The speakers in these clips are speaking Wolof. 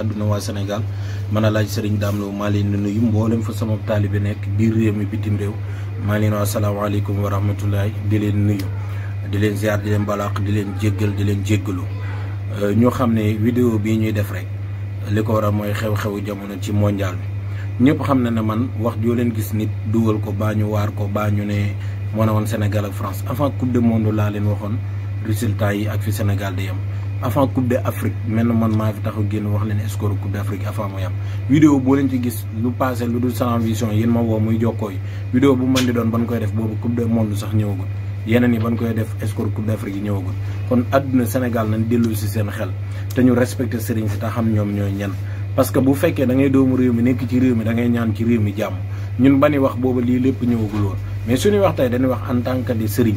àdduna waa Sénégal man a laaj sëriñ Dame Lo maa leen nuyu mboolem fa sama taalibe nekk biir réew mi bitim réew maa leen waa salaamaaleykum wa rahmatulahi di leen nuyu di leen ziar di leen balaax di leen jéggal di leen jéggalu euh, ñoo xam ne vidéo bii ñuy def rek li ko waral mooy xew-xewu jamono ci mondial bi ñëpp xam na ne man wax joo leen gis nit dugal ko baa ñu waar ko baa ñu ne moo na woon Sénégal ak France avant coupe du monde laa leen waxoon résultat yi ak fi Sénégal di yem avant coupe d'Afrique mel na man maa fi taxaw génn wax leen score coupe d'Afrique avant muy am vidéo boo leen ci gis lu passé lu dul Salam Vision yéen ma woo muy jokkoo yi vidéo bu mën di doon ban koy def boobu coupe du monde sax ñëwagul yeneen yi ban koy def score coupe d'Afrique yi ñëwagul kon àdduna Sénégal nañ dellu si seen xel te ñu respecté sëriñ si te xam ñoom ñooy ñan parce que bu fekkee da ngay doomu réew mi nekk ci réew mi da ngay ñaan ci réew mi jàmm ñun bani wax boobu lii lépp ñëwagul woon mais suñuy wax tey dañuy wax en tant que di sëriñ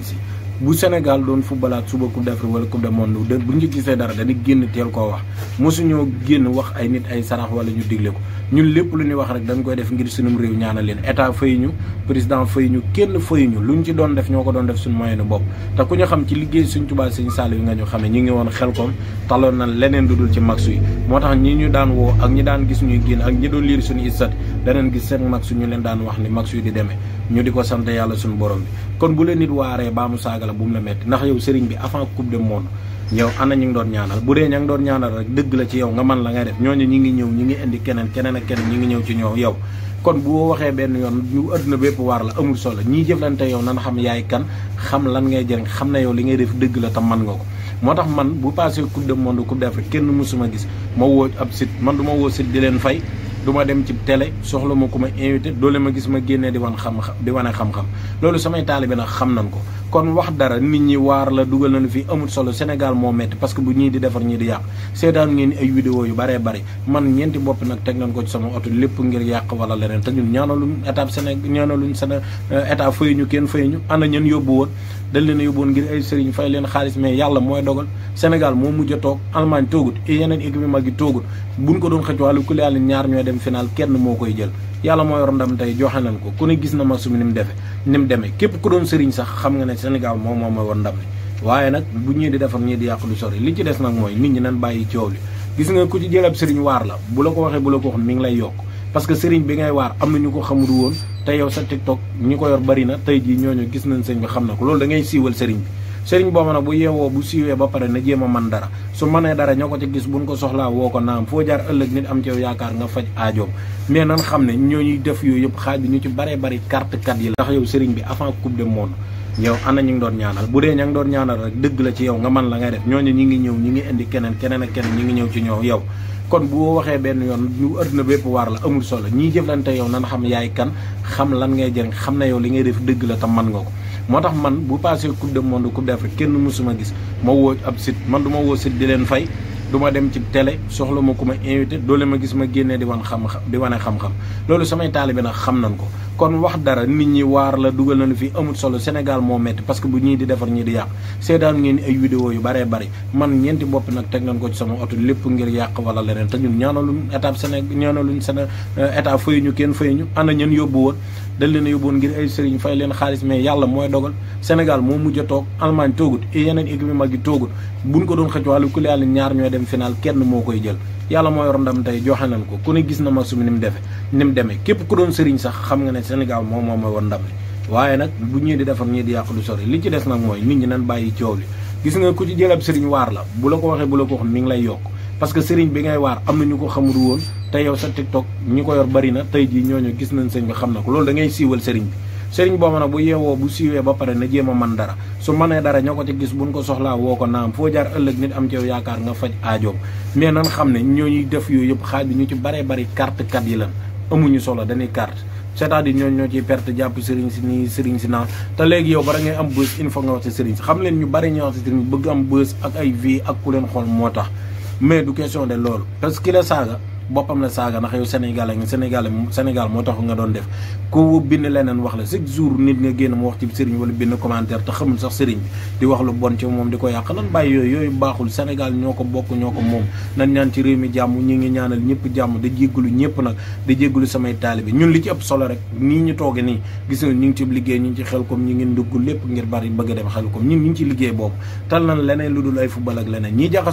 bu Sénégal doon footballaat suba coupe d'Afrique wala coupe du monde bu ñu gisee dara dañuy génn teel koo wax mosuñoo génn wax ay nit ay sarax wala ñu digle ko ñun lépp lu ñuy wax rek dañ koy def ngir sunum réew ñaanal leen état fay ñu président fay ñu kenn fay ñu lu ñu ci doon def ñoo ko doon def suñu moyenu bopp te ku ñu xam ci liggéey suñ Tuubaa suñu Saaliw yi nga ñu xamee ñu ngi woon xel xelkom taloon na leneen du dul ci max yi moo tax ñi ñu daan woo ak ñi daan gis génn ak ñi doon liir suñu istat daneen gis seen mag su ñu leen daan wax ni mag yu di demee ñu di ko sant yàlla suñu borom bi kon bu leen nit waaree baa mu saaga la bu mu la metti ndax yow sëriñ bi avant coupe du monde yow ana ñu ngi doon ñaanal bu dee ña ngi doon ñaanal dëgg la ci yow man la ngay def ñooñu ñi ngi ñëw ñi ngi indi keneen keneen ak keneen ñi ngi ñëw ci ñoo yow kon bu waxee benn yoon ñu àdduna waar la amul solo ñii jëflante yow nan xam yaay kan xam lan ngay jëriñ xam ne yow li ngay def dëgg la tam man nga ko moo tax man bu passé coupe du monde coupe d'Afrique kenn mësuma gis ma woo ab site man du ma woo site di leen fay du ma dem ci télé soxla ma ku ma invité doole ma gis ma génnee di wan xam-xam di wane xam-xam loolu samay taalibe na xam nañ ko kon wax dara nit ñi waar la dugal na nañu fi amul solo Sénégal moo métti parce que bu ñii di defar ñii di yàq seetaan ngeen ay vidéo yu baree bari man ñeenti bopp nag teg nañ ko ci sama oto lépp ngir yàq wala leneen te ñun ñaanaluñ état Sénégal ñaanaluñ Sénégal euh, état fay ñu kenn fay ñu ana ñen yóbbu woon dañ leen a yóbbu woon ngir ay fay leen xaalis mais yàlla mooy dogal Sénégal moo mujj a toog Allemagne toogut yeneen équipe mag yi toogut buñ ko doon xëcc wàllu ku yàlla ñaar ñooy dem final kenn moo koy jël yàlla moo yor ndam tey joxe nañ ko ku ne gis na match bi ni mu defee ni mu demee képp ku doon sëriñ sax xam nga ne Sénégal moom moo moo yor ndam li waaye nag bu ñii di defar ñii di yàq du sori li ci des nag mooy nit ñi nan bàyyi coow li gis nga ko ci jël sëriñ waar la bu la ko waxee bu la ko wax mi ngi lay yokk parce que sëriñ bi ngay waar am na ñu ko xamul woon te yow sa TikTok ñi ko yor bari na tey jii ñooñu gis nañ sëñ bi xam na ko loolu da ngay siiwal sëriñ bi sëriñ boobu nag bu yeewoo bu siiwee ba pare na jéem a man dara su manee dara ñoo ko ci gis buñ ko soxlaa woo ko naam foo jaar ëllëg nit am ci yow yaakaar nga faj aajoom mais nan xam ne ñu def yooyu yëpp xaaj ñu ci baree bari carte kat yi la ndax yow sëriñ bi avant coupe du monde yow ana ñu ngi doon ñaanal bu dee ña ngi doon ñaanal rek dëgg la ci yow nga man la ngay def ñooñu ñi ngi ñëw ñi ngi indi keneen keneen a keneen ñi ngi ñëw ci ñoom yow kon bu waxee benn yoon ñu adduna bépp waar la amul solo ñii jëflante yow nan xam yaay kan xam lan ngay jëriñ xam na yow li ngay def dëgg la tam man nga ko moo tax man bu passé coupe du monde coupe d'Afrique kenn mësuma gis ma woo ab site man duma woo site di leen fay du ma dem ci télé soxla ku ma invité doole ma gis ma génnee di wan xam di wane xam-xam loolu samay taalibe nag xam nañ ko kon wax dara nit ñi waar la dugal nañu fii amul solo Sénégal moo métti parce que bu ñii di defar ñii di yàq seetaan ngeen ay vidéo yu bare bari man ñeenti bopp nag teg nañ ko ci sama oto lépp ngir yàq wala leneen te ñun ñaanaluñ état Sénégal ñaanaluñ Sénégal état fayu ñu kenn fayu ñu ana ñeen yóbbu woon dañ leen a yóbboon ngir ay sëriñ fay leen xaalis mais yàlla mooy dogal Sénégal moo mujj a toog Allemagne toogut yeneen équipe yu mag yi toogut buñ ko doon xëcc wàllu ku yàlla ñaar ñooy dem final kenn moo koy jël yàlla moo yor ndam tey joxe nañ ko ku ne gis na match bi ni mu defe ni mu demee képp ku doon sëriñ sax xam nga ne Sénégal moo moo mooy war ndam li waaye nag bu ñii di defar ñii di yàq du sori li ci des nag mooy nit ñi nan bàyyi coow li gis nga ku ci jëlab sëriñ waar la bu la ko waxee bu ko wax mi ngi lay yokk parce que sëriñ bi ngay waar am na ko xamul woon te yow sa TikTok ñi ko yor bari na tey jii ñooñu gis nañ sëñ bi xam na ko loolu da ngay siiwal sëriñ bi sëriñ boobu nag bu yeewoo bu siiwee ba pare na jéem a man dara su manee dara ñoo ko ci gis buñ ko soxlaa woo ko naam foo jaar ëllëg nit am ci yaakaar nga faj aajoom mais nan xam ne ñoo ñu def yooyu yëpp xaaj bi ñu ci baree bari carte kat yi la amuñu solo dañuy carte c'est-à-dire ñoo ciy perte jàpp sëriñ si nii sëriñ si naa te léegi yow bara ngay am bës il faut nga wax xam leen ñu bari ñu wax si bëgg am bës ak ay ak ku leen xool moo tax mais du question de loolu boppam la saaga ndax yow sénégalais nga sénégalais sénégal moo tax nga doon def ku bind leneen wax la chaque jour nit nga génn mu wax ci sëriñ wala bind commentaire te xamul sax sëriñ bi di wax lu bon ci moom di ko yàq lan yooyu yooyu baaxul sénégal ñoo ko bokk ñoo ko moom nañ ñaan ci réew mi jàmm ñi ngi ñaanal ñëpp jàmm da lu ñëpp nag da lu samay taalibe ñun li ci ëpp solo rek nii ñu tooge nii gis nga ñu ngi ci liggéey ñu ngi ci xel comme ñu ngi ndugg lépp ngir bari bëgg a dem xel comme ñun ñu ngi ci liggéey boobu tal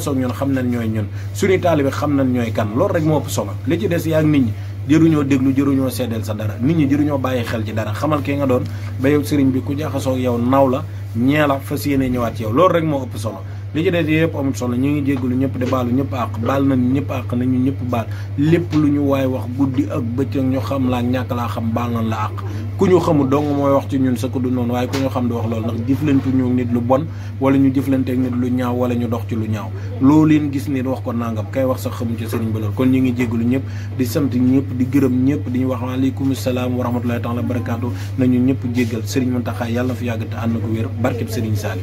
xam nañ ñooy ñun suñu taalibe xam nañ ñooy kan loolu bopp li ci des yaa ngi nit ñi jëruñoo déglu jëruñoo seddeel sa dara nit ñi jëruñoo bàyyi xel ci dara xamal ki nga doon ba yow sëriñ bi ku jaxasoo yow naw la ñee la fas yéene ñëwaat ci loolu rek moo ëpp solo li ci des yëpp amul solo ñu ngi jéggalu ñëpp di baalu ñëpp àq baal nañu ñëpp àq ñu ñëpp baal lépp lu ñu waaye wax guddi ak bëccëg ñu xam laa ñàkk laa xam baal na la àq ku ñu xamul dong mooy wax ci ñun sa ko du noonu waaye ku ñu xam di wax loolu ndax jëflantu ñu nit lu bon wala ñu jëflanteeg nit lu ñaaw wala ñu dox ci lu ñaaw loolu leen gis nit wax ko nangam kay wax sax xamu ci sëriñ ba kon ñu ngi jéggalu ñëpp di sant ñëpp di gërëm ñëpp di wax waaleykum salaam wa rahmatullahi taala barakaatu nañu ñëpp jéggal sëriñ Muntaxa yàlla fi yàgg te ànd ko wér barkeb sëriñ Saali